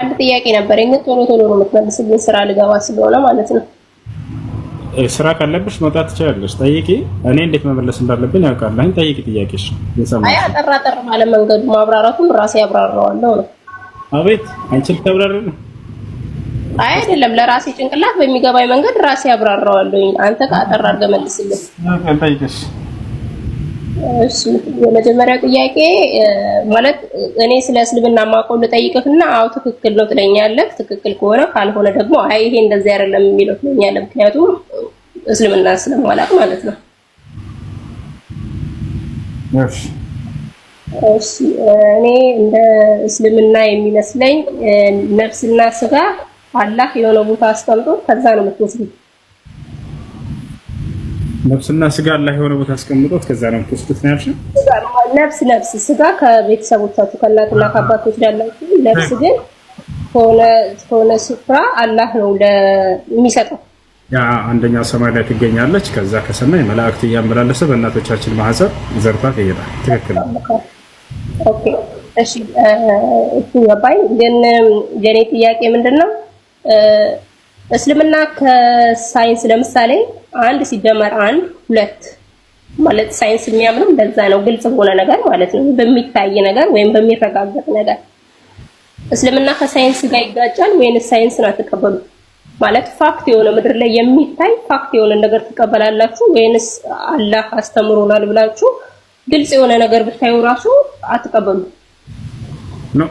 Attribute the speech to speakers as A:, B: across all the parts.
A: አንድ ጥያቄ ነበር። እንግዲህ ቶሎ ቶሎ ነው የምትመልስልኝ፣ ስራ ልገባ ስለሆነ ማለት ነው።
B: ስራ ካለብሽ መውጣት ትችላለሽ። ጠይቂ። እኔ እንዴት መመለስ እንዳለብኝ ያውቃለሁ። ጠይቂ ጥያቄሽ።
A: አይ አጠር አጠር ባለ መንገዱ ማብራራቱን ራሴ ያብራራዋለሁ ነው።
B: አቤት አንቺ ተብራራ ነው።
A: አይ አይደለም፣ ለራሴ ጭንቅላት በሚገባኝ መንገድ ራሴ ያብራራዋለሁ። አንተ ካጠራ አጠር አድርገህ መልስልኝ። ጠይቂሽ እሺ የመጀመሪያ ጥያቄ ማለት እኔ ስለ እስልምና ማቆም ልጠይቅህና አዎ ትክክል ነው ትለኛለህ። ትክክል ከሆነ ካልሆነ ደግሞ አይ ይሄ እንደዚህ አይደለም የሚለው ትለኛለህ። ምክንያቱም እስልምና ስለማላውቅ ማለት ነው። እሺ እኔ እንደ እስልምና የሚመስለኝ ነፍስና ስጋ አላህ የሆነ ቦታ አስቀምጦ ከዛ ነው የምትወስዱት
B: ነፍስና ስጋ አላህ የሆነ ቦታ አስቀምጦት ከዛ ነው የምትወስዱት ነው ያልሽ።
A: ነፍስ ነፍስ ስጋ ከቤተሰቦቻችሁ ከእናትና ከአባቶች ትወስዳላችሁ። ነፍስ ግን ከሆነ ስፍራ አላህ ነው የሚሰጠው።
B: ያ አንደኛ ሰማይ ላይ ትገኛለች። ከዛ ከሰማይ መላእክት እያመላለሰ በእናቶቻችን ማህፀን ዘርቷት ይሄዳል። ትክክል ነው።
A: ኦኬ እሺ፣ እሱ ገባኝ። ግን የኔ ጥያቄ ምንድን ነው? እስልምና ከሳይንስ ለምሳሌ አንድ ሲደመር አንድ ሁለት ማለት ሳይንስ የሚያምነው እንደዛ ነው፣ ግልጽ በሆነ ነገር ማለት ነው፣ በሚታይ ነገር ወይም በሚረጋገጥ ነገር። እስልምና ከሳይንስ ጋር ይጋጫል ወይንስ ሳይንስን አትቀበሉ? ማለት ፋክት የሆነ ምድር ላይ የሚታይ ፋክት የሆነ ነገር ትቀበላላችሁ ወይንስ አላህ አስተምሮናል ብላችሁ ግልጽ የሆነ ነገር ብታዩ ራሱ አትቀበሉ
B: ነው?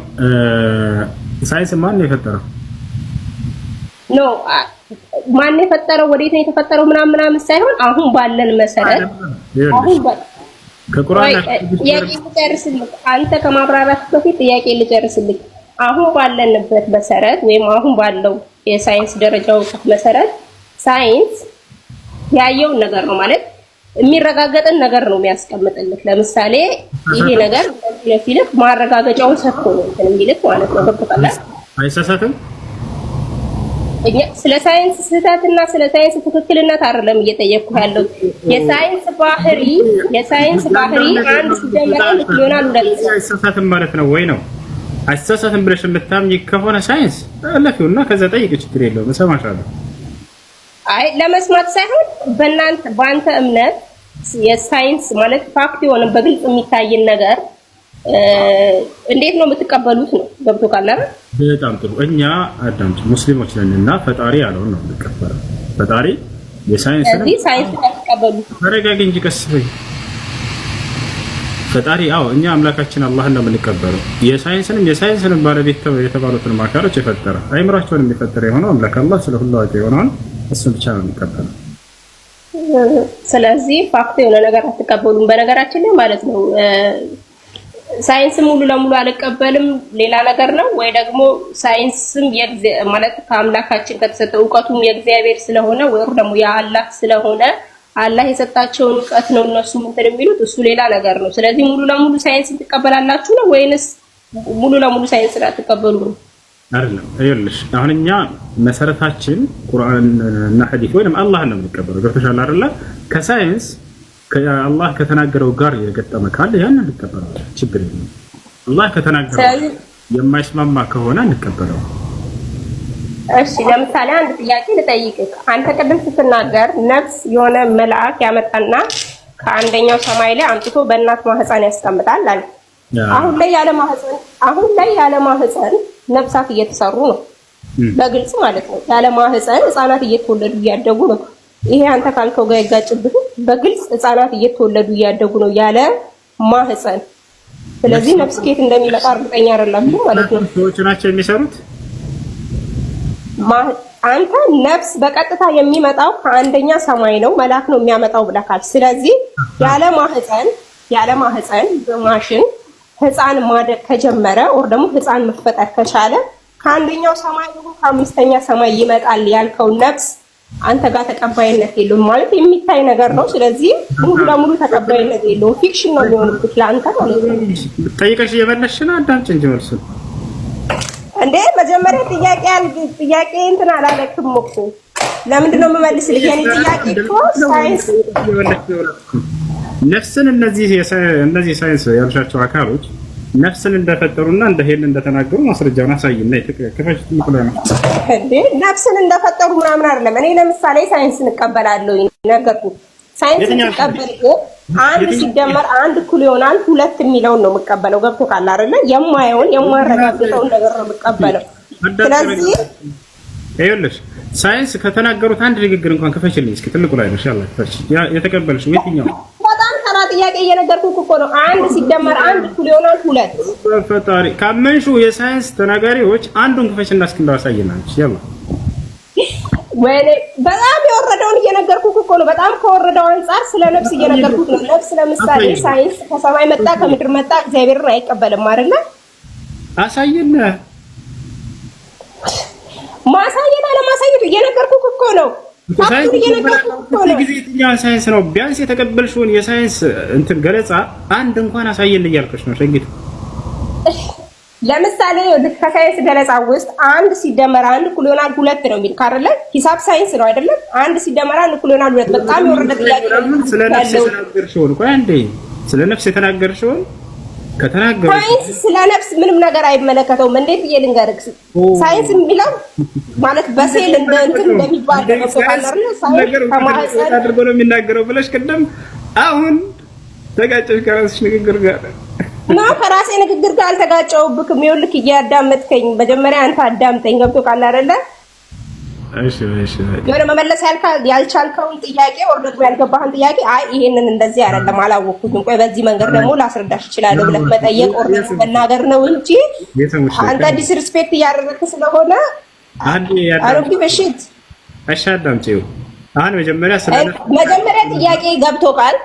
B: ሳይንስ ማን ነው የፈጠረው?
A: ኖ ማን የፈጠረው ወዴት ነው የተፈጠረው ምናምን ምናምን ሳይሆን አሁን ባለን መሰረት አሁን ጥያቄ ልጨርስልህ። አንተ ከማብራራት በፊት ጥያቄ ልጨርስልህ። አሁን ባለንበት መሰረት ወይም አሁን ባለው የሳይንስ ደረጃ እውቀት መሰረት ሳይንስ ያየውን ነገር ነው ማለት የሚረጋገጥን ነገር ነው የሚያስቀምጥልህ። ለምሳሌ ይሄ ነገር ለፊልፍ ማረጋገጫውን ሰጥቶ ነው እንትን የሚልህ ማለት ነው። ገብቶሃል አይሳሳትም? ስለ ሳይንስ ስህተትና ስለ ሳይንስ ትክክልነት አይደለም እየጠየቅኩ ያለው። የሳይንስ ባህሪ የሳይንስ ባህሪ አንድ ሲጀመር ይሆናል ሁለት
B: አይሳሳትም ማለት ነው ወይ ነው አይሳሳትም ብለሽ የምታምኝ ከሆነ ሳይንስ አለፊውና ከዛ ጠይቅ፣ ችግር የለውም እሰማሻለሁ።
A: አይ ለመስማት ሳይሆን በእናንተ በአንተ እምነት የሳይንስ ማለት ፋክት የሆነ በግልጽ የሚታይን ነገር እንዴት ነው የምትቀበሉት? ነው ገብቶ ካለ
B: በጣም ጥሩ። እኛ አዳምጭ ሙስሊሞች ነን እና ፈጣሪ ያለውን ነው የምንቀበለው። ፈጣሪ የሳይንስ
A: ነው። ሳይንስ ተቀበሉ።
B: ተረጋግ እንጂ ቀስ በይ ፈጣሪ አዎ፣ እኛ አምላካችን አላህን ነው የምንቀበለው። የሳይንስንም የሳይንስንም ባለቤት የተባሉትን ማካሮች የፈጠረ አይምራቸውን የሚፈጠረ የሆነው አምላክ አላህ ስለ ሁሉ አዋቂ የሆነውን እሱን ብቻ ነው የሚቀበለው።
A: ስለዚህ ፋክት የሆነ ነገር አትቀበሉም። በነገራችን ላይ ማለት ነው ሳይንስ ሙሉ ለሙሉ አልቀበልም ሌላ ነገር ነው ወይ ደግሞ ሳይንስም ማለት ከአምላካችን ከተሰጠ እውቀቱም የእግዚአብሔር ስለሆነ ወይ ደግሞ የአላህ ስለሆነ አላህ የሰጣቸውን እውቀት ነው እነሱ እንትን የሚሉት እሱ ሌላ ነገር ነው። ስለዚህ ሙሉ ለሙሉ ሳይንስ ትቀበላላችሁ ነው ወይንስ ሙሉ ለሙሉ ሳይንስ አትቀበሉ ነው?
B: አይደለም። ይኸውልሽ አሁን እኛ መሰረታችን ቁርአን እና ሐዲስ ወይንም አላህ ነው የምንቀበለው። ገብቶሻል አይደለ? ከሳይንስ አላህ ከተናገረው ጋር የገጠመ ካለ ያን እንቀበለዋለን፣ ችግር የለም። አላህ ከተናገረው የማይስማማ ከሆነ እንቀበለው።
A: እሺ፣ ለምሳሌ አንድ ጥያቄ ልጠይቅህ። አንተ ቅድም ስትናገር ነፍስ የሆነ መልአክ ያመጣና ከአንደኛው ሰማይ ላይ አምጥቶ በእናት ማህፀን ያስቀምጣል አለ። አሁን ላይ ያለ ማህፀን አሁን ላይ ያለ ማህፀን ነፍሳት እየተሰሩ ነው፣ በግልጽ ማለት ነው። ያለ ማህፀን ህፃናት እየተወለዱ እያደጉ ነው። ይሄ አንተ ካልከው ጋር ይጋጭብህ። በግልጽ ህፃናት እየተወለዱ እያደጉ ነው ያለ ማህፀን። ስለዚህ ነፍስ ከየት እንደሚመጣ እርግጠኛ አይደላችሁ
B: ማለት ነው። ሰዎች ናቸው የሚሰሩት።
A: አንተ ነፍስ በቀጥታ የሚመጣው ከአንደኛ ሰማይ ነው፣ መልአክ ነው የሚያመጣው ብለካል። ስለዚህ ያለ ማህፀን ያለ ማህፀን በማሽን ህፃን ማደግ ከጀመረ ኦር ደግሞ ህፃን መፈጠር ከቻለ ከአንደኛው ሰማይ ደግሞ ከአምስተኛ ሰማይ ይመጣል ያልከው ነፍስ አንተ ጋር ተቀባይነት የለውም ማለት የሚታይ ነገር ነው። ስለዚህ ሙሉ ለሙሉ ተቀባይነት የለውም፣ ፊክሽን ነው የሚሆንብህ ለአንተ ማለት ነው።
B: ጠይቀሽ እየመለስሽ ነው። አዳምጪ እንጂ መልሱን
A: እንዴ። መጀመሪያ ጥያቄ ጥያቄ እንትን አላለክም እኮ ለምንድን ነው የምመልስልህ? የኔ ጥያቄ እኮ ሳይንስ
B: ነፍስን እነዚህ እነዚህ ሳይንስ ያልሻቸው አካሎች ነፍስን እንደፈጠሩና እንደ ሄል እንደተናገሩ ማስረጃውን አሳይና
A: ምክሎ ነው። እንዴ ነፍስን እንደፈጠሩ ምናምን አይደለም። እኔ ለምሳሌ ሳይንስን እቀበላለሁ ነገርኩ። ሳይንስ እንቀበል አንድ ሲደመር አንድ እኩል ይሆናል ሁለት የሚለውን ነው የምቀበለው። ገብቶ ካለ አይደለ? የማየውን የማረጋግጠውን ነገር ነው የምቀበለው። ስለዚህ
B: ይኸውልሽ ሳይንስ ከተናገሩት አንድ ንግግር እንኳን ክፈችልኝ እስኪ። ትልቁ ላይ ነው ያላ የተቀበልሽ የትኛው
A: ጥያቄ እየነገርኩ እኮ ነው። አንድ ሲደመር አንድ እኩል ይሆናል ሁለት።
B: ፈጣሪ ካመንሹ የሳይንስ ተናጋሪዎች አንዱን ክፈሽ እና እስክንድር ያማ
A: ወይኔ በጣም የወረደውን እየነገርኩ እኮ ነው። በጣም ከወረደው አንጻር ስለ ነፍስ እየነገርኩህ ነው። ነፍስ ለምሳሌ ሳይንስ ከሰማይ መጣ ከምድር መጣ እግዚአብሔርን አይቀበልም አይደለ? አሳየነ ማሳየት አለማሳየት እየነገርኩህ እኮ ነው።
B: የትኛው ሳይንስ ነው? ቢያንስ የተቀበልሽውን የሳይንስ እንትን ገለጻ አንድ እንኳን አሳየን እያልከች ነው ሸጊት።
A: ለምሳሌ ከሳይንስ ገለጻ ውስጥ አንድ ሲደመር አንድ እኩል ይሆናል ሁለት ነው የሚል ካለ ሂሳብ ሳይንስ ነው አይደለም? አንድ ሲደመር አንድ እኩል ይሆናል ሁለት። በጣም የወረደ ጥያቄ።
B: ስለ ነፍስ የተናገርሽውን ቆይ አንዴ፣ ስለ ነፍስ የተናገርሽውን
A: ከተናገሩ ሳይንስ ስለ ነፍስ ምንም ነገር አይመለከተውም። እንዴት ብዬ ልንገርህ? ሳይንስ የሚለው ማለት በሴል እንደ እንትን እንደሚባል ነገር
B: ሳይንስ አድርጎ ነው የሚናገረው ብለሽ ቅድም አሁን ተጋጨሽ ከራስሽ ንግግር ጋር ነው
A: ከራሴ ንግግር ጋር አልተጋጨውብክም። ይኸውልህ እያዳመጥከኝ መጀመሪያ አንተ አዳምጠኝ ገብቶ ካለ አይደለ እሺ እሺ የሆነ መመለስ ያልቻልከውን ጥያቄ ወር ያልገባህን ጥያቄ አይ ይሄንን እንደዚህ አይደለም አላወቅኩትም፣ ቆይ በዚህ መንገድ ደግሞ ላስረዳሽ እችላለሁ ብለህ መጠየቅ ወር ደግሞ መናገር ነው እንጂ አንተ ዲስሪስፔክት እያደረግህ ስለሆነ አሮጊ በሽት
B: አሻዳም ጤው አሁን መጀመሪያ ስለነ
A: መጀመሪያ ጥያቄ ገብቶ ቃል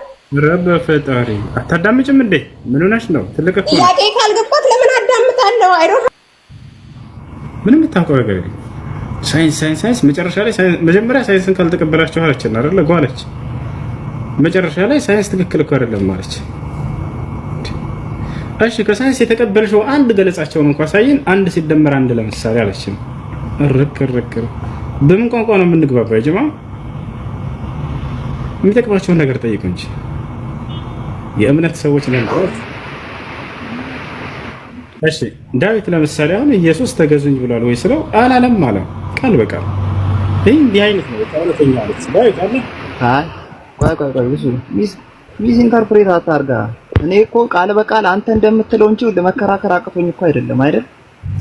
B: ረበ ፈጣሪ አታዳምጭም እንዴ? ምን ሆነሽ ነው?
A: ትልቅ ጥያቄ ካልገባት ለምን አዳምጣለሁ? አይዶ
B: ምንም የምታውቀው ነገር ሳይንስ ሳይንስ ሳይንስ መጨረሻ ላይ መጀመሪያ ሳይንስን ካልተቀበላችሁ አለችን አይደለ? ጓለች። መጨረሻ ላይ ሳይንስ ትክክል እኮ አይደለም አለች። እሺ ከሳይንስ የተቀበልሽው አንድ ገለጻቸውን እንኳ ሳይን አንድ ሲደመር አንድ ለምሳሌ አለችም። እርክ እርክ በምን ቋንቋ ነው የምንግባባው? ጅማ የሚጠቅማቸውን ነገር ጠይቁ እንጂ የእምነት ሰዎች ነን። እሺ ዳዊት ለምሳሌ አሁን ኢየሱስ ተገዙኝ ብሏል ወይ ስለው አላለም አለ ቃል በቃል ይህ አይነት ነው። እውነተኛ
A: ሚስ ኢንተርፕሬት አታርጋ። እኔ እኮ ቃል በቃል አንተ እንደምትለው እንጂ ለመከራከር አቅቶኝ እኮ አይደለም አይደል?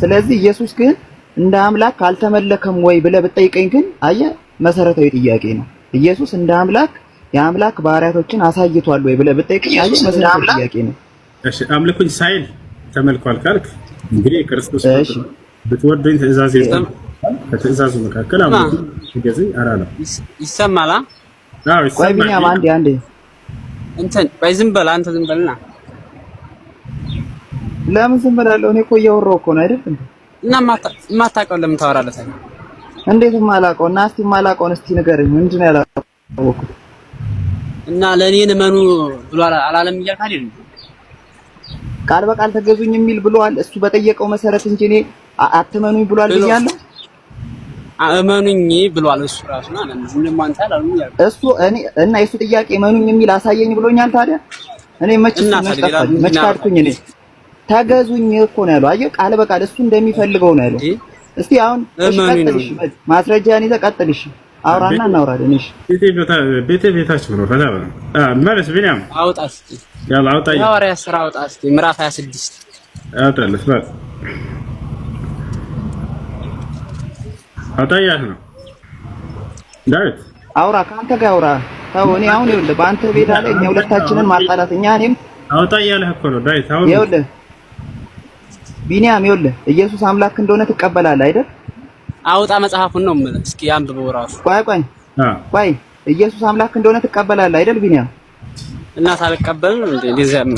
A: ስለዚህ ኢየሱስ ግን እንደ አምላክ አልተመለከም ወይ ብለህ ብጠይቀኝ ግን አየህ መሰረታዊ ጥያቄ ነው። ኢየሱስ እንደ አምላክ የአምላክ ባህሪያቶችን አሳይቷል ወይ ብለህ ብጠይቀኝ አየህ መሰረታዊ ጥያቄ ነው።
B: እሺ አምልኩኝ ሳይል ተመልኳል ካልክ እንግዲህ ክርስቶስ ብትወደኝ ትእዛዝ ከትዕዛዙ መካከል አምላክ ይገዘ አላለም። ይሰማል። አዎ ይሰማል። ቆይ ቢኒያም አንዴ አንዴ
A: እንትን በይ ዝም በል አንተ ዝም በልና። ለምን ዝም በላለሁ? እኔ እኮ እያወራሁ እኮ ነው አይደል እንዴ? እና የማታውቀውን ለምን ታወራለህ? እንዴት የማላውቀው እና እስቲ የማላውቀውን እስቲ ንገረኝ። ምንድን ነው ያላወቅሁት? እና ለእኔ እመኑ ብሎ አላለም እያልክ አይደል? ቃል በቃል ተገዙኝ የሚል ብሏል። እሱ በጠየቀው መሰረት እንጂ እኔ አትመኑኝ ብሏል ብያለሁ። እመኑኝ ብሏል። እሱ ራሱ እሱ እኔ እና የሱ ጥያቄ እመኑኝ የሚል አሳየኝ ብሎኛል። ታዲያ እኔ መች መች ካድኩኝ? እኔ ተገዙኝ እኮ ነው ያለው። አየህ፣ ቃል በቃል እሱ እንደሚፈልገው ነው ያለው። እስቲ አሁን ማስረጃን ይዘህ ቀጥል። አውራና እናውራለን። እሺ፣
B: ቤቴ ቤታችሁ ነው። ፈታ መልስ ቢኒያም አውጣ እስኪ፣ ያላ አውጣ፣
A: የሐዋርያት ሥራ አውጣ እስኪ፣ ምዕራፍ 26
B: አውጣለች ማለት አጣያት ነው ዳዊት
A: አውራ ከአንተ ጋር አውራ ተው። እኔ አሁን ይኸውልህ በአንተ ቤት አለ እኛ ሁለታችንን ማጣላት እኛ እኔም
B: አውጣ እያለህ እኮ ነው ዳዊት።
A: አሁን ይኸውልህ ቢኒያም ይኸውልህ ኢየሱስ አምላክ እንደሆነ ትቀበላለህ አይደል? አውጣ መጽሐፉን ነው የምልህ። እስኪ አንብበው እራሱ። ቆይ ቆይ ቆይ ኢየሱስ አምላክ እንደሆነ ትቀበላለህ አይደል ቢኒያም? እና ሳልቀበል እንዴ ሊዘም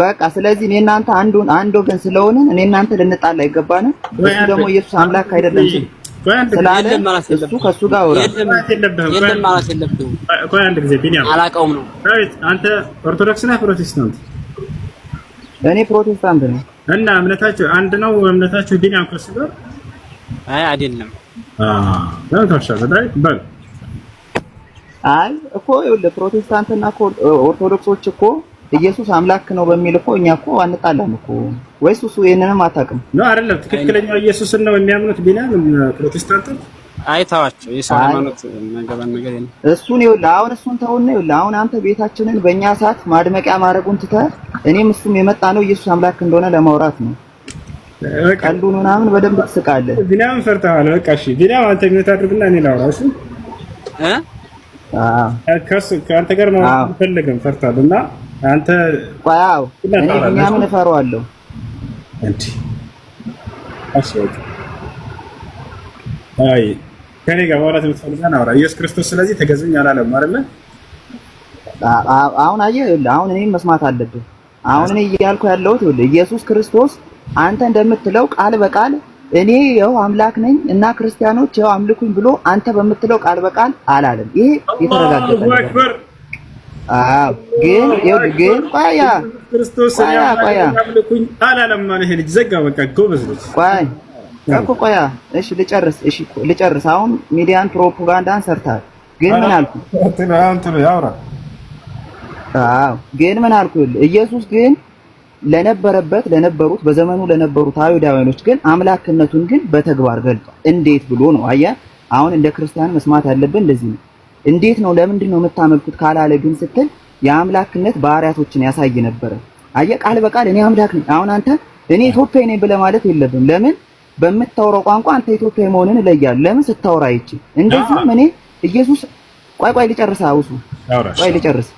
A: በቃ ስለዚህ እኔ እናንተ አንዱን አንድ ወገን ስለሆንን እኔ እናንተ ልንጣላ አይገባንም። እሱ ደግሞ ኢየሱስ አምላክ አይደለም ስላለ እሱ ከእሱ ጋር አውራ አንድ ጊዜ ቢኒያም አላውቀውም ነው።
B: አንተ ኦርቶዶክስ ነህ ፕሮቴስታንት?
A: እኔ ፕሮቴስታንት ነኝ።
B: እና እምነታችሁ አንድ ነው እምነታችሁ? ቢኒያም ከእሱ ጋር
A: አይ አይደለም። አይ እኮ ይኸውልህ ፕሮቴስታንትና ኦርቶዶክሶች እኮ ኢየሱስ አምላክ ነው በሚል እኮ እኛ እኮ አንጣላም እኮ። ወይስ እሱ ይሄንንም አታውቅም
B: ነው? አይደለም ትክክለኛው ኢየሱስን ነው የሚያምኑት ቢናም ፕሮቴስታንት
A: አይታዋቸው የሰማኑት ነገባን ነገር የለም። እሱን ይኸውልህ፣ አሁን እሱን ተውና ይኸውልህ፣ አሁን አንተ ቤታችንን በእኛ ሰዓት ማድመቂያ ማድረጉን ትተህ እኔም እሱም የመጣ ነው ኢየሱስ አምላክ እንደሆነ ለማውራት ነው። ቀልዱን ምናምን በደንብ
B: ትስቃለህ። ቢናም ፈርተሃል። በቃ እሺ፣ ቢናም አንተ ምን ታድርግና እኔ ላውራ እሺ እ ከእሱ ከአንተ ጋር ነው አልፈለግም ፈርተሃል እና አንተ
A: ዋው እኔ ቢንያምን እፈራዋለሁ።
B: አንቺ አሽወት አይ ከኔ ጋር ማውራት የምትፈልጋና አውራ። ኢየሱስ ክርስቶስ ስለዚህ ተገዙኝ አላለም አይደለ?
A: አሁን አየህ፣ አሁን እኔም መስማት አለብህ። አሁን እኔ እያልኩ ያለሁት ይኸውልህ፣ ኢየሱስ ክርስቶስ አንተ እንደምትለው ቃል በቃል እኔ ያው አምላክ ነኝ እና ክርስቲያኖች ያው አምልኩኝ ብሎ አንተ በምትለው ቃል በቃል አላለም። ይሄ የተረጋገጠ ነው። ግን ግን ቆያ ክርስቶስ ያምልኩኝ
B: አላለም። ይሄ ልጅ ዘጋ። በቃ ጎበዝ
A: ልጅ ቆይ እኮ ቆያ። እሺ ልጨርስ፣ እሺ ልጨርስ። አሁን ሚዲያን ፕሮፓጋንዳን ሰርታል። ግን ምን አልኩ? አዎ ግን ምን አልኩ? ኢየሱስ ግን ለነበረበት ለነበሩት በዘመኑ ለነበሩት አይሁዳውያኖች ግን አምላክነቱን ግን በተግባር ገልጧል። እንዴት ብሎ ነው? አየህ፣ አሁን እንደ ክርስቲያን መስማት ያለብን እንደዚህ ነው። እንዴት ነው ለምንድን ነው የምታመልኩት ካላለ ግን ስትል የአምላክነት ባህሪያቶችን ያሳይ ነበረ። አየህ ቃል በቃል እኔ አምላክ ነኝ። አሁን አንተ እኔ ኢትዮጵያ ነኝ ብለህ ማለት የለብም። ለምን በምታወራው ቋንቋ አንተ ኢትዮጵያ መሆንን እለያለሁ። ለምን ስታወራ ይቺ እንደዚህም እኔ ኢየሱስ ቆይ ቆይ ልጨርስ፣ አውሱ ቆይ ልጨርስ።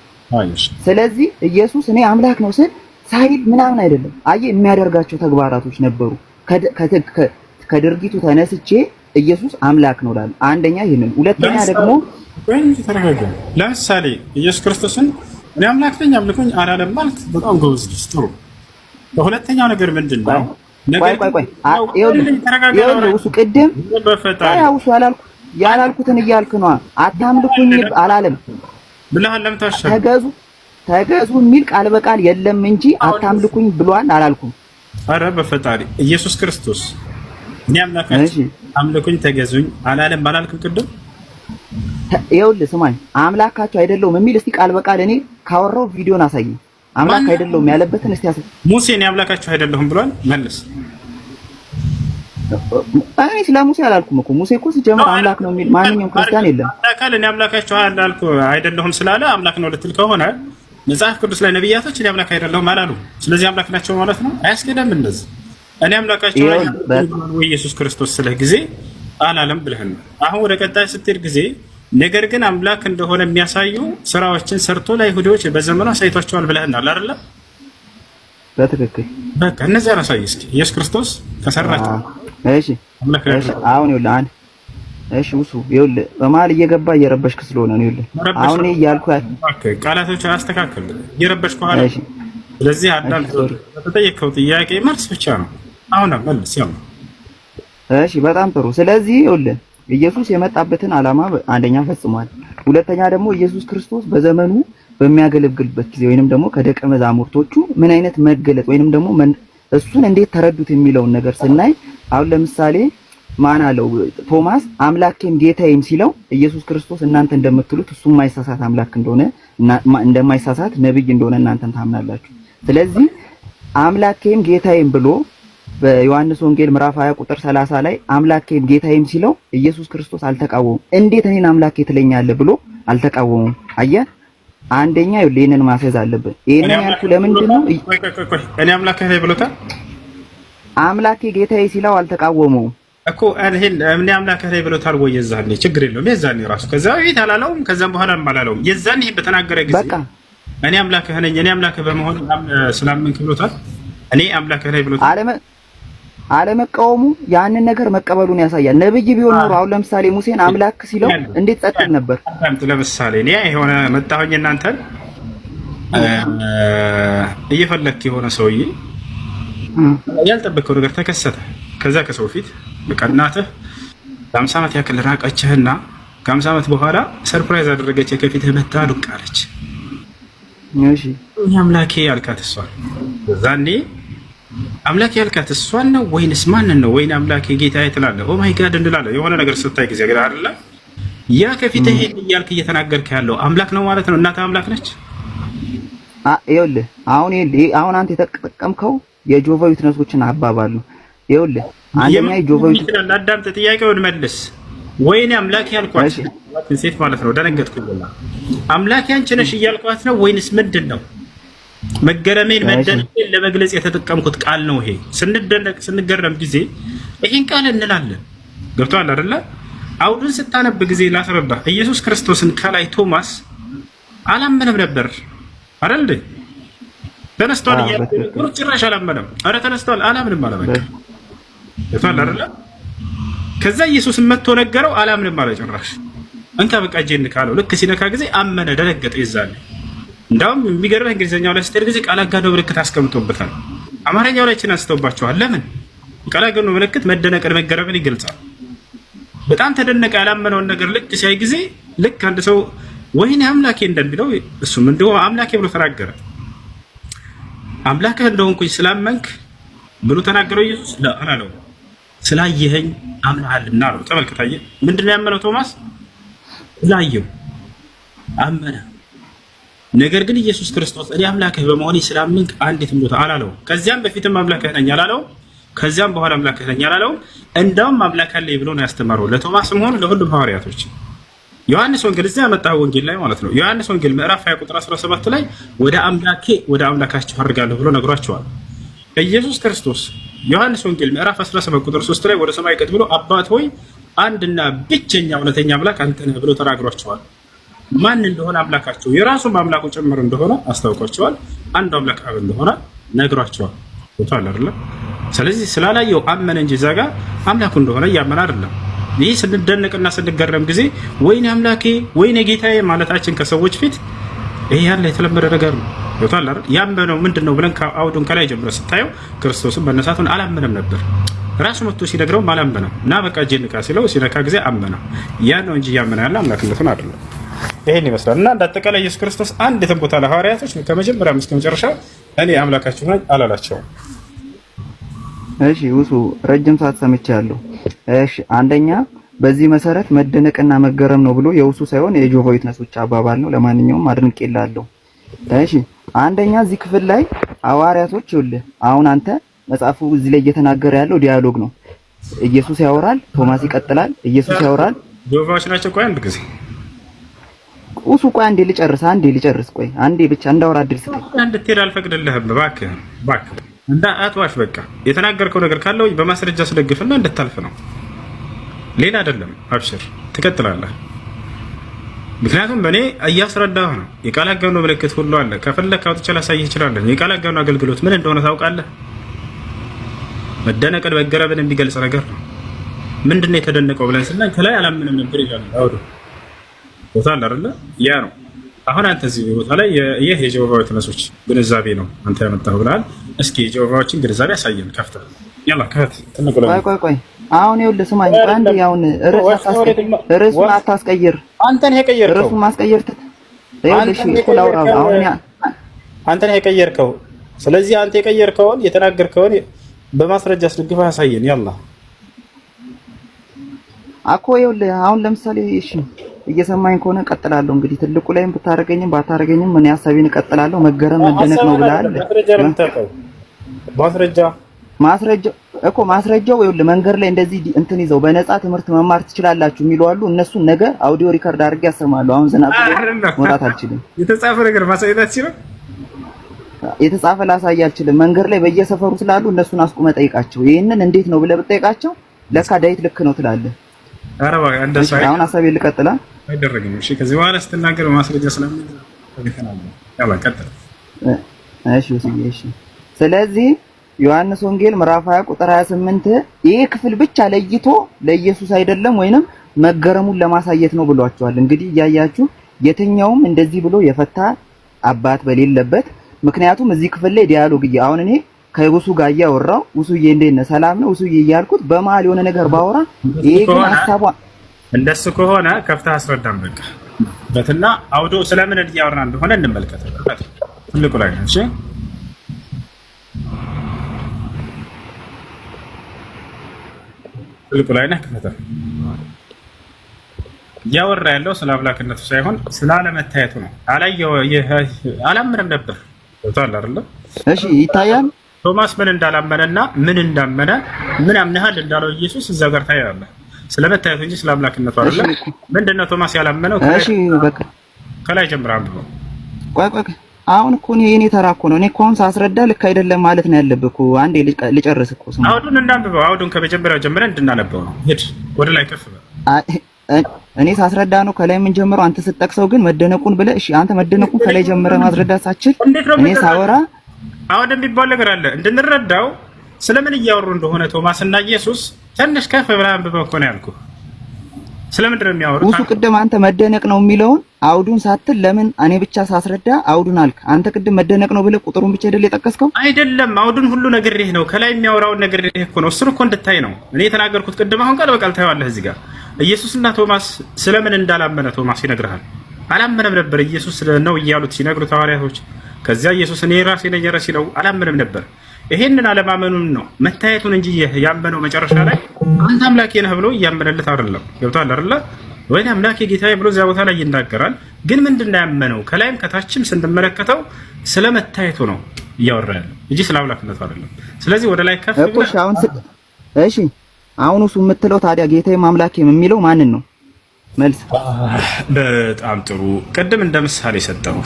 A: ስለዚህ ኢየሱስ እኔ አምላክ ነው ስል ሳይድ ምናምን አይደለም። አየህ የሚያደርጋቸው ተግባራቶች ነበሩ። ከድርጊቱ ተነስቼ ኢየሱስ አምላክ ነው ላሉ አንደኛ ይህንን ሁለተኛ ደግሞ
B: ለምሳሌ ኢየሱስ ክርስቶስን እኔ አምላክ ነኝ አምልኮኝ አላለም ማለት በጣም ጎበዝ ልጅ ጥሩ በሁለተኛው ነገር ምንድን ነው
A: ይኸውልህ ቅድም ያውሱ አላልኩ ያላልኩትን እያልክ ነዋ አታምልኩኝ አላለም
B: ብለሃል ለምን ታሻለህ
A: ተገዙ ተገዙ የሚል ቃል በቃል የለም እንጂ አታምልኩኝ ብሏል አላልኩም
B: አረ በፈጣሪ ኢየሱስ ክርስቶስ እኔ አምላካችን አምልኩኝ ተገዙኝ አላለም አላልክም? ቅድም
A: ይኸውልህ ስማኝ፣ አምላካቸው አይደለሁም የሚል እስቲ ቃል በቃል እኔ ካወራው ቪዲዮን አሳይ። አምላክ አይደለሁም ያለበትን እስቲ
B: አሳየኝ። ሙሴ እኔ አምላካቸው አይደለሁም ብሏል፣ መልስ።
A: እኔ ስለ ሙሴ አላልኩም እኮ ሙሴ እኮ ሲጀምር አምላክ ነው የሚል ማንኛውም ክርስቲያን
B: የለም። አካል እኔ አምላካቸው አላልኩ አይደለሁም ስላለ አምላክ ነው ልትል ከሆነ መጽሐፍ ቅዱስ ላይ ነብያቶች እኔ አምላክ አይደለሁም አላሉ። ስለዚህ አምላክ ናቸው ማለት ነው። አያስኬደም እንደዚህ እኔ አምላካቸው ኢየሱስ ክርስቶስ ስለ ጊዜ አላለም ብለህን አሁን ወደ ቀጣይ ስትሄድ ጊዜ ነገር ግን አምላክ እንደሆነ የሚያሳዩ ስራዎችን ሰርቶ ለአይሁዶች በዘመኑ አሳይቷቸዋል ብለህናል አይደለ? በትክክል በቃ እነዚህ አላሳይ እስኪ ኢየሱስ ክርስቶስ ከሰራቸው።
A: እሺ አሁን ይኸውልህ አንድ እሺ ውሱ ይኸውልህ በመሀል እየገባ እየረበሽክ ስለሆነ ነው። ይኸውልህ አሁን እያልኩ
B: ቃላቶች አስተካክል እየረበሽኩ አለ። ስለዚህ አዳል ተጠየቀው ጥያቄ መልስ ብቻ ነው አሁን መልስ ያው
A: እሺ፣ በጣም ጥሩ። ስለዚህ ይኸውልህ ኢየሱስ የመጣበትን ዓላማ አንደኛ ፈጽሟል። ሁለተኛ ደግሞ ኢየሱስ ክርስቶስ በዘመኑ በሚያገለግልበት ጊዜ ወይንም ደግሞ ከደቀ መዛሙርቶቹ ምን አይነት መገለጥ ወይንም ደግሞ እሱን እንዴት ተረዱት የሚለውን ነገር ስናይ አሁን ለምሳሌ ማን አለው ቶማስ አምላኬም ጌታዬም ሲለው ኢየሱስ ክርስቶስ እናንተ እንደምትሉት እሱ የማይሳሳት አምላክ እንደሆነ እንደማይሳሳት ነብይ እንደሆነ እናንተን ታምናላችሁ። ስለዚህ አምላኬም ጌታዬም ብሎ በዮሐንስ ወንጌል ምዕራፍ 20 ቁጥር 30 ላይ አምላኬም ጌታዬም ሲለው ኢየሱስ ክርስቶስ አልተቃወሙም። እንዴት እኔን አምላኬ ትለኛለህ ብሎ አልተቃወሙም። አየህ፣ አንደኛ ይህንን ማስያዝ አለብን። ይሄን ያልኩ ለምንድን ነው?
B: እኔ አምላኬ ነኝ ብሎታል።
A: አምላኬ ጌታዬ ሲለው አልተቃወሙም
B: እኮ አንሄል እኔ አምላኬ ነኝ ብሎታል ወይ? የዛኔ ችግር የለውም። የዛኔ ራሱ ከዛ በፊት አላለውም፣ ከዛም በኋላ አላለውም። የዛኔ በተናገረ ጊዜ በቃ እኔ አምላክህ ነኝ እኔ አምላክህ በመሆን ስላመንክ ብሎታል። እኔ አምላክህ ነኝ
A: ብሎታል። አለመቃወሙ ያንን ነገር መቀበሉን ያሳያል። ነብይ ቢሆን ኖሮ አሁን ለምሳሌ ሙሴን አምላክ ሲለው እንዴት ጸጥል
B: ነበር? ለምሳሌ እኔ የሆነ መጣሁኝ እናንተን እየፈለክ የሆነ ሰውዬ ያልጠበቀው ነገር ተከሰተ። ከዛ ከሰው ፊት በቃ እናትህ ከአምሳ ዓመት ያክል ራቀችህና ከአምሳ ዓመት በኋላ ሰርፕራይዝ አደረገች። ከፊትህ መታ ዱቅ አለች። አምላኬ ያልካት እሷል ዛኔ አምላክ ያልካት እሷን ነው ወይንስ ማንን ነው? ወይን አምላክ የጌታ ትላለህ። ኦ ማይ ጋድ እንላለን የሆነ ነገር ስታይ ጊዜ ግን አይደለ ያ ከፊት ይሄን እያልክ እየተናገርክ ያለው አምላክ ነው ማለት ነው። እናትህ አምላክ ነች።
A: ይኸውልህ አሁን አሁን አንተ የተጠቀምከው የጆቫ ዊትነሶችን አባባል ነው። ይኸውልህ አንደኛ የጆቫ ዊትነስ አዳምጥ፣ ጥያቄውን መልስ። ወይኔ አምላክ ያልኳት ሴት ማለት ነው። ደነገጥኩኝ። አምላክ ያንቺ ነሽ እያልኳት ነው ወይንስ ምንድን ነው? መገረሜን መደነቄን ለመግለጽ የተጠቀምኩት ቃል ነው። ይሄ ስንደነቅ ስንገረም ጊዜ ይህን ቃል እንላለን። ገብቶሃል አይደለ? አውዱን ስታነብ ጊዜ ላስረዳ። ኢየሱስ ክርስቶስን ከላይ ቶማስ አላመነም ነበር አይደል? ተነስቷል እያለ ጭራሽ አላመነም። ኧረ ተነስቷል አላምንም አለ። በቃ ገብቶሃል አይደለ? ከዛ ኢየሱስ መጥቶ ነገረው። አላምንም አለ ጭራሽ። እንካ በቃ እጄን ካለው ልክ ሲነካ ጊዜ አመነ፣ ደነገጠ። ይዛል እንዳውም የሚገርመህ እንግሊዝኛው ላይ ስትሄድ ጊዜ ቃል አጋኖ ምልክት አስቀምጦበታል። አማርኛው ላይ ችን አንስተውባቸዋል። ለምን? ቃል አጋኖ ምልክት መደነቅን መገረምን ይገልጻል። በጣም ተደነቀ። ያላመነውን ነገር ልክ ሲያይ ጊዜ ልክ አንድ ሰው ወይኔ አምላኬ እንደሚለው እሱም እንዲሁ አምላኬ ብሎ ተናገረ። አምላክህ እንደሆንኩኝ ስላመንክ ብሎ ተናገረው ኢየሱስ አላለው። ስላየኸኝ አምናሃልና አለው። ተመልከታየ ምንድነው ያመነው ቶማስ? ስላየው አመነ። ነገር ግን ኢየሱስ ክርስቶስ እኔ አምላክህ በመሆኔ ስላመንክ አንዲት ሞት አላለው። ከዚያም በፊትም አምላክህ ነኝ አላለው። ከዚያም በኋላ አምላክህ ነኝ አላለው። እንደውም አምላክ አለኝ ብሎ ነው ያስተማረው ለቶማስም ሆነ ለሁሉም ሐዋርያቶች። ዮሐንስ ወንጌል እዚያ ያመጣ ወንጌል ላይ ማለት ነው። ዮሐንስ ወንጌል ምዕራፍ 20 ቁጥር 17 ላይ ወደ አምላኬ ወደ አምላካችሁ አድርጋለሁ ብሎ ነግሯቸዋል። ኢየሱስ ክርስቶስ ዮሐንስ ወንጌል ምዕራፍ 17 ቁጥር 3 ላይ ወደ ሰማይ ቀጥ ብሎ አባት ሆይ አንድና ብቸኛ እውነተኛ አምላክ አንተ ነህ ብሎ ተናግሯቸዋል። ማን እንደሆነ አምላካቸው የራሱም አምላኩ ጭምር እንደሆነ አስታውቋቸዋል። አንዱ አምላክ አብ እንደሆነ ነግሯቸዋል። ቦታ አለ አይደለም። ስለዚህ ስላላየው አመነ እንጂ እዛ ጋ አምላኩ እንደሆነ እያመን አይደለም። ይህ ስንደነቅና ስንገረም ጊዜ ወይኔ አምላኬ ወይኔ ጌታዬ ማለታችን ከሰዎች ፊት ይህ ያለ የተለመደ ነገር ነው። ቦታ አለ ያመነው ምንድን ነው ብለን አውዱን ከላይ ጀምረ ስታየው ክርስቶስን መነሳቱን አላመነም ነበር ራሱ መጥቶ ሲነግረውም አላመነም እና በቃ እጄን ንካ ሲለው ሲነካ ጊዜ አመነ። ያ ነው እንጂ እያመነ ያለ አምላክነቱን አይደለም። ይሄን ይመስላል እና እንዳጠቃላይ ኢየሱስ ክርስቶስ አንድ የተንቦታ ለሐዋርያቶች ከመጀመሪያ እስከ መጨረሻ እኔ አምላካችሁ ነኝ አላላቸውም። እሺ ውሱ ረጅም ሰዓት ሰምቻለሁ። እሺ አንደኛ በዚህ መሰረት መደነቅና መገረም ነው ብሎ የውሱ ሳይሆን የጆሆ ዊትነሶች አባባል ነው። ለማንኛውም አድንቄላለሁ። እሺ አንደኛ እዚህ ክፍል ላይ ሐዋርያቶች ይኸውልህ፣ አሁን አንተ መጽሐፉ እዚህ ላይ እየተናገረ ያለው ዲያሎግ ነው። ኢየሱስ ያወራል፣ ቶማስ ይቀጥላል። ኢየሱስ ያወራል፣
B: ጆሆዎች ናቸው። ቆይ አንድ ጊዜ
A: ኡሱ ቆይ አንዴ ልጨርስ፣ አንዴ ልጨርስ፣ ቆይ አንዴ ብቻ እንዳወራ ድርስ
B: እንድትሄድ አልፈቅድልህም። እባክህ እባክህ እንዳ አትዋሽ። በቃ የተናገርከው ነገር ካለው በማስረጃ ስደግፍና እንድታልፍ ነው፣ ሌላ አይደለም። አብሽር፣ ትቀጥላለህ። ምክንያቱም በእኔ እያስረዳህ ነው። የቃል አጋኖ ምልክት ሁሉ አለ። ከፈለክ አውጥቼ ላሳይህ እችላለሁ። የቃል አጋኖ አገልግሎት ምን እንደሆነ ታውቃለህ? መደነቅን መገረምን የሚገልጽ ነገር ነው። ምንድን ነው የተደነቀው ብለን ስናይ ከላይ አላምንም ነበር ይላል ቦታ አለ አይደለ? ያ ነው አሁን አንተ እዚህ ቦታ ላይ ይህ የጀሆቫ ወይትነሶች ግንዛቤ ነው አንተ ያመጣው ብለሃል። እስኪ የጀሆቫዎችን ግንዛቤ ያሳየን። ከፍተ ያላ ከፍት
A: ቆይ ቆይ ቆይ አሁን ይኸውልህ ስማኝ፣ አንድ ያውን ርዕሱን አታስቀይር።
B: አንተን የቀየርከው
A: ርዕሱን ማስቀየር ትት ይኸውልህ፣ እሺ እኮ ላውራው አሁን
B: ያ አንተን የቀየርከው ስለዚህ አንተ የቀየርከውን የተናገርከውን በማስረጃ አስደግፈህ ያሳየን። ያላ
A: አኮ ይኸውልህ አሁን ለምሳሌ እሺ እየሰማኝ ከሆነ እቀጥላለሁ። እንግዲህ ትልቁ ላይም ብታደርገኝም ባታረገኝም እኔ ሀሳቤን እቀጥላለሁ። መገረም መደነቅ ነው ብለሃል። ማስረጃ ማስረጃ እኮ ማስረጃው ይኸውልህ፣ መንገድ ላይ እንደዚህ እንትን ይዘው በነፃ ትምህርት መማር ትችላላችሁ የሚሉ አሉ። እነሱን ነገ አውዲዮ ሪከርድ አድርጌ ያሰማሉ። አሁን ዝናብ መውጣት አልችልም።
B: የተጻፈ ነገር ማሳየት
A: የተጻፈ ላሳይ አልችልም። መንገድ ላይ በየሰፈሩ ስላሉ እነሱን አስቁመ ጠይቃቸው። ይህንን እንዴት ነው ብለህ ብጠይቃቸው ለካ ዳዊት ልክ ነው ትላለህ። አሁን ሀሳቤን ልቀጥላል።
B: አይደረግም። እሺ፣ ከዚህ በኋላ ስትናገር በማስረጃ ስለምን
A: ስለዚህ ዮሐንስ ወንጌል ምዕራፍ 20 ቁጥር 28 ይህ ክፍል ብቻ ለይቶ ለኢየሱስ አይደለም ወይንም መገረሙን ለማሳየት ነው ብሏቸዋል። እንግዲህ እያያችሁ የትኛውም እንደዚህ ብሎ የፈታ አባት በሌለበት ምክንያቱም እዚህ ክፍል ላይ ዲያሎግ እያ አሁን እኔ ከውሱ ጋር እያወራው ውሱዬ እንዴት ነህ ሰላም ነው ውሱዬ እያልኩት በመሀል የሆነ ነገር ባወራ ይሄ ግን ሀሳቧ
B: እንደሱ ከሆነ ከፍተህ አስረዳም። በቃ በትና አውዶ ስለምን እያወራን እንደሆነ እንመልከት። ትልቁ ላይ ነው። እሺ ትልቁ ላይ ነህ። ክፈተህ እያወራ ያለው ስለ አምላክነቱ ሳይሆን ስላለመታየቱ ነው። አላየው አላምንም ነበር ብቷል አይደለ?
A: እሺ ይታያል።
B: ቶማስ ምን እንዳላመነና ምን እንዳመነ ምን አምነሃል እንዳለው ኢየሱስ እዛ ጋር ታያለህ። ስለመታየቱ እንጂ ስለ አምላክነቱ አይደለም። ምንድነው ቶማስ ያላመነው? እሺ በቃ ከላይ ጀምር አንብቦ።
A: ቆይ ቆይ፣ አሁን እኮ እኔ የኔ ተራ እኮ ነው። እኔ እኮ አሁን ሳስረዳ ልክ አይደለም ማለት ነው ያለብህ እኮ። አንዴ ልጨርስ እኮ።
B: ስማ አውዱን እናንብበው። አውዱን ከመጀመሪያው ጀምረን እንድናነበው ነው። ሂድ ወደ ላይ ከፍ
A: በል። እኔ ሳስረዳ ነው ከላይ ምን ጀምረው። አንተ ስጠቅሰው ግን መደነቁን ብለህ እሺ፣ አንተ መደነቁን ከላይ ጀምረህ ማስረዳት ሳችል እኔ ሳወራ
B: አውድ የሚባል ነገር አለ እንድንረዳው ስለምን እያወሩ እንደሆነ ቶማስ እና ኢየሱስ ትንሽ ከፍ ብላ አንብበው እኮ ነው ያልኩ። ስለምንድን ነው
A: የሚያወሩ? እሱ ቅድም አንተ መደነቅ ነው የሚለውን አውዱን ሳትል ለምን እኔ ብቻ ሳስረዳ አውዱን አልክ። አንተ ቅድም መደነቅ ነው ብለህ ቁጥሩን ብቻ አይደል የጠቀስከው?
B: አይደለም አውዱን ሁሉ ነግሬህ ነው። ከላይ የሚያወራውን ነግሬህ እኮ ነው። እሱን እኮ እንድታይ ነው እኔ የተናገርኩት ቅድም። አሁን ቃል በቃል ታየዋለህ እዚህ ጋር ኢየሱስና ቶማስ ስለምን እንዳላመነ ቶማስ ይነግርሃል። አላመነም ነበር ኢየሱስ ነው እያሉት ሲነግሩ ሐዋርያቶች። ከዚያ ኢየሱስ እኔ ራሴ ነኝ ረሲ ነው አላመነም ነበር ይሄንን አለማመኑን ነው መታየቱን እንጂ ያመነው መጨረሻ ላይ አንተ አምላኬ ነህ ብሎ እያመነለት አይደለም። ገብቷል አይደለ ወይ? አምላኬ ጌታዬ ብሎ እዚያ ቦታ ላይ ይናገራል። ግን ምንድን ነው ያመነው? ከላይም ከታችም ስንመለከተው ስለ መታየቱ ነው እያወራ ያለው እንጂ ስለ አምላክነቱ አይደለም። ስለዚህ ወደ ላይ
A: ከፍ እሺ። አሁን እሱ የምትለው ታዲያ ጌታዬም አምላኬም የሚለው ማንን ነው? መልስ
B: በጣም ጥሩ። ቅድም እንደ ምሳሌ ሰጠው።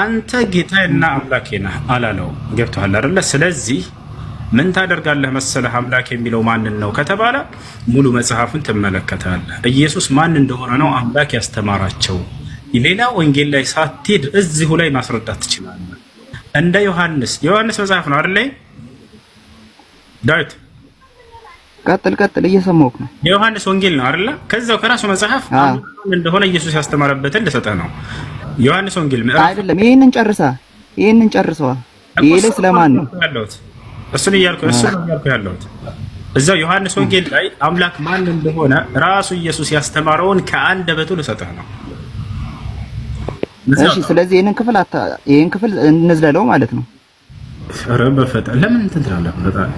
B: አንተ ጌታዬና አምላኬ ነህ አላለው። ገብቶሃል አይደለ? ስለዚህ ምን ታደርጋለህ መሰለህ? አምላክ የሚለው ማንን ነው ከተባለ ሙሉ መጽሐፍን ትመለከታለህ። ኢየሱስ ማን እንደሆነ ነው አምላክ ያስተማራቸው። ሌላ ወንጌል ላይ ሳትሄድ እዚሁ ላይ ማስረዳት ትችላለህ። እንደ ዮሐንስ ዮሐንስ መጽሐፍ ነው አይደለ ዳዊት
A: ቀጥል ቀጥል፣ እየሰማሁህ ነው።
B: የዮሐንስ ወንጌል ነው አይደለ? ከዛው ከራሱ መጽሐፍ እንደሆነ ኢየሱስ ያስተማረበትን ልሰጠህ ነው። ዮሐንስ ወንጌል
A: ምዕራፍ አይደለም። ይሄንን ጨርሳ፣ ይሄንን ጨርሰዋ። ይሄ ላይ ስለማን ነው ያለሁት?
B: እሱን እያልኩ እሱን እያልኩ ያለሁት እዛው ዮሐንስ ወንጌል ላይ አምላክ ማን እንደሆነ ራሱ ኢየሱስ ያስተማረውን ከአንደበቱ ልሰጠህ ነው።
A: እሺ፣ ስለዚህ ይሄንን ክፍል አታ ይሄን ክፍል እንዝለለው ማለት ነው።
B: ኧረ በፈጠ ለምን እንትን ትላለህ? በጣም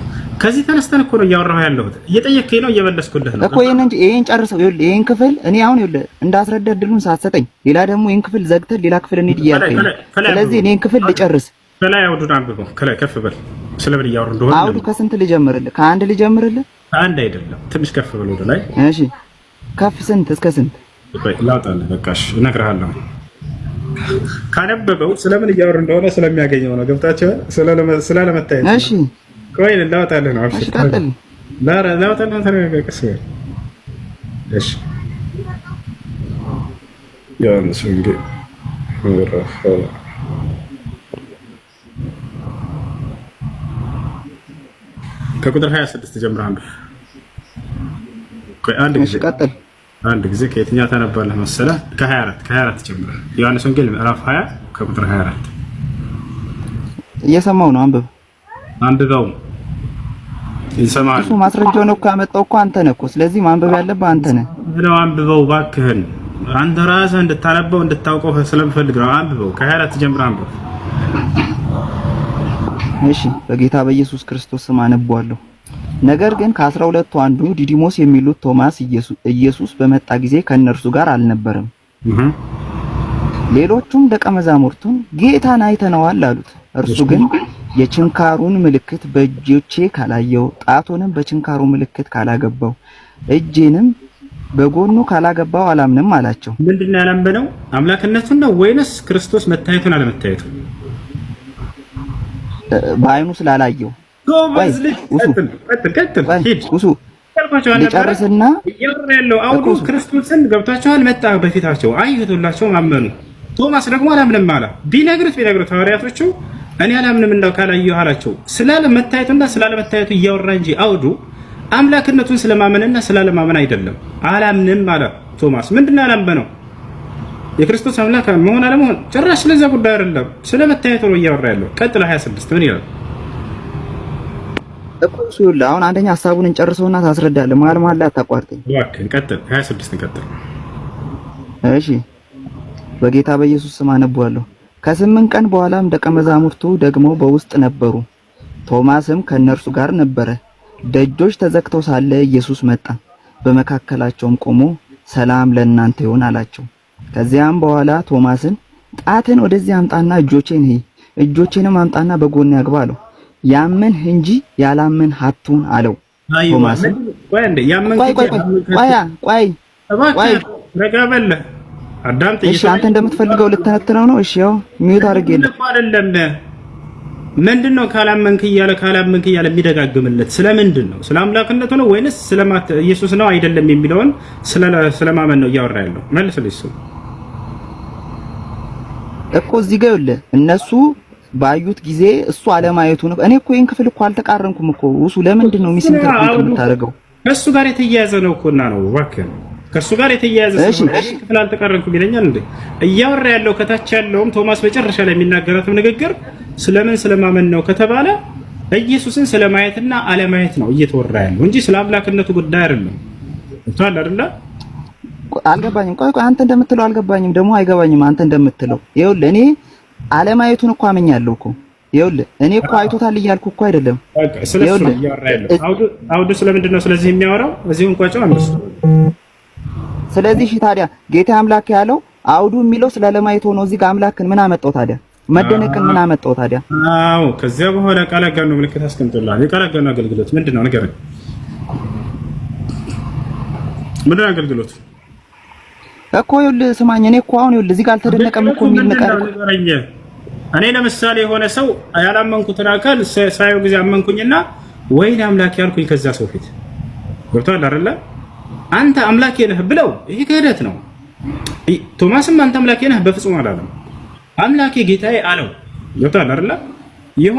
B: ከዚህ ተነስተን እኮ ነው እያወራሁ ያለሁት። እየጠየከኝ ነው እየመለስኩልህ
A: ነው እኮ። ይሄን እንጂ ይሄን ጨርሰው። ይኸውልህ ይሄን ክፍል እኔ አሁን ይኸውልህ እንዳስረዳ እድሉን ሳትሰጠኝ ሌላ ደግሞ ይሄን ክፍል ዘግተህ ሌላ ክፍል እንሂድ እያልከኝ ነው። ስለዚህ እኔን ክፍል ልጨርስ።
B: ከላይ አውዱን አንብበው፣ ከላይ ከፍ በል። ስለምን እያወሩ
A: እንደሆነ አውዱ። ከስንት ልጀምርልህ? ከአንድ ልጀምርልህ?
B: አንድ አይደለም፣ ትንሽ ከፍ በል ወደ
A: ላይ። እሺ ከፍ ስንት እስከ ስንት
B: ላውጣልህ? በቃሽ እነግርሃለሁ። ካነበበው ስለምን እያወሩ እንደሆነ ስለሚያገኘው ነው። ገብታችኋል? ለመታየት እሺ ቆይ ላወጣልህ ነው። አብሽር ላወጣልህ ነው። ተረጋጋ። ቀስ በል እሺ። ዮሐንስ ወንጌል ምዕራፍ ከቁጥር 26 ጀምረህ አንብብ። ቆይ አንድ ጊዜ ቀጥል። አንድ ጊዜ ከየትኛው ታነባለህ መሰለህ? ከ24 ከ24 ጀምረህ ዮሐንስ ወንጌል ምዕራፍ 20 ከቁጥር 24
A: እየሰማሁ ነው። አንብብ አንድጋው ይሰማል። እሱ እኮ ያመጣው እኮ አንተ ነህ እኮ። ስለዚህ ማንበብ ያለብህ አንተ ነህ።
B: ብለው አንብበው እባክህን፣ አንተ ራስህ እንድታነበው እንድታውቀው ስለምፈልግ ነው። አንብበው አንብበው።
A: እሺ፣ በጌታ በኢየሱስ ክርስቶስ ስም አነባለሁ። ነገር ግን ከአስራ ሁለቱ አንዱ ዲዲሞስ የሚሉት ቶማስ ኢየሱስ በመጣ ጊዜ ከእነርሱ ጋር አልነበረም። ሌሎቹም ደቀ መዛሙርቱን ጌታን አይተነዋል አሉት። እርሱ ግን የችንካሩን ምልክት በእጆቼ ካላየው፣ ጣቱንም በችንካሩ ምልክት ካላገባው፣ እጄንም በጎኑ ካላገባው አላምንም አላቸው።
B: ምንድን ነው ያላመነው? አምላክነቱን ነው ወይንስ ክርስቶስ መታየቱን አለመታየቱ?
A: በአይኑ ስላላየው ሱ ሊጨርስና
B: ያለው አውዱ ክርስቶስን ገብቷቸዋል። መጣ በፊታቸው አይቶላቸው አመኑ። ቶማስ ደግሞ አላምንም አላ። ቢነግሩት ቢነግሩት ሐዋርያቶቹ እኔ አላምንም እንዳው ካላየሁ አላቸው። ስላለ መታየቱና ስላለ መታየቱ እያወራ እንጂ አውዱ አምላክነቱን ስለማመንና ስላለማመን አይደለም። አላምንም አለ ቶማስ። ምንድነው አላምበ ነው የክርስቶስ አምላክ መሆን አለመሆን ጭራሽ ስለዚያ ጉዳይ አይደለም፣ ስለ መታየቱ ነው እያወራ ያለው። ቀጥሎ 26 ምን ይላል?
A: እቁሱ ይላ አሁን አንደኛ ሀሳቡን እንጨርሰውና ታስረዳለህ። መሀል መሀል ላይ አታቋርጠኝ
B: እባክህ። ቀጥል፣ 26 ቀጥል።
A: እሺ በጌታ በኢየሱስ ስም አነብዋለሁ። ከስምንት ቀን በኋላም ደቀ መዛሙርቱ ደግሞ በውስጥ ነበሩ፣ ቶማስም ከነርሱ ጋር ነበረ። ደጆች ተዘግተው ሳለ ኢየሱስ መጣ፣ በመካከላቸውም ቆሞ ሰላም ለእናንተ ይሁን አላቸው። ከዚያም በኋላ ቶማስን ጣትን ወደዚህ አምጣና እጆቼን እይ፣ እጆቼንም አምጣና በጎን ያግባ አለው። ያመን እንጂ ያላመን ሀቱን አለው። ቶማስን ቆይ ቆይ ቆይ ቆይ
B: ቆይ
A: አዳም እሺ፣ አንተ እንደምትፈልገው ልትተነትነው ነው። እሺ ያው ሚዩት አድርጌልህ
B: አይደለም። ምንድን ነው ካላመንክ እያለ ካላመንክ እያለ የሚደጋግምለት ስለምንድን ነው? ስለ አምላክነቱ ነው ወይንስ ስለ ኢየሱስ ነው? አይደለም የሚለውን ስለማመን ነው እያወራ ያለው። መልስልኝ። እሱ
A: እኮ እዚህ ጋር ይኸውልህ እነሱ ባዩት ጊዜ እሱ አለማየቱ ነው። እኔ እኮ ይሄን ክፍል እኮ አልተቃረንኩም እኮ። እሱ ለምንድን ነው ሚስንተር
B: የምታደርገው? ከእሱ ጋር የተያያዘ ነው እኮና ነው እባክህ ከእርሱ ጋር የተያያዘ ክፍል አልተቃረንኩም ይለኛል እንዴ? እያወራ ያለው ከታች ያለውም ቶማስ መጨረሻ ላይ የሚናገራትም ንግግር ስለምን ስለማመን ነው ከተባለ ኢየሱስን ስለማየትና አለማየት ነው እየተወራ ያለው እንጂ ስለ አምላክነቱ ጉዳይ አይደለም። እንቷል አይደለ?
A: አልገባኝም። ቆይ ቆይ፣ አንተ እንደምትለው አልገባኝም። ደግሞ አይገባኝም። አንተ እንደምትለው ይኸውልህ፣ እኔ አለማየቱን እኮ አመኛለሁ እኮ ይኸውልህ እኔ እኮ አይቶታል እያልኩ እኮ አይደለም።
B: ስለሱ ነው ያለው። አውዱ ስለምንድን ነው ስለዚህ የሚያወራው? እዚሁን ቋጫው አንብሱ
A: ስለዚህ እሺ ታዲያ ጌታ አምላክ ያለው አውዱ የሚለው ስለ ለማየት ሆኖ እዚህ ጋር አምላክን ምን አመጣው ታዲያ? መደነቅን ምን አመጣው ታዲያ?
B: አዎ ከዚያ በኋላ ቃል አጋኖ ምልክት አስቀምጦልሃል። የቃል አጋኖ አገልግሎት ምንድን ነው? ንገረኝ። ምንድን ነው አገልግሎቱ
A: እኮ? ይኸውልህ ስማኝ፣ እኔ እኮ አሁን ይኸውልህ እዚህ ጋር አልተደነቀም እኮ የሚል ነገር
B: እኔ ለምሳሌ የሆነ ሰው ያላመንኩትን አካል ሳየው ጊዜ አመንኩኝና ወይኔ አምላክ ያልኩኝ ከዛ ሰው ፊት ገብቶሃል አይደለ? አንተ አምላኬ ነህ ብለው ይሄ ክህደት ነው። ቶማስም አንተ አምላኬ ነህ በፍጹም አላለም። አምላኬ ጌታዬ አለው። ይወጣል አይደል?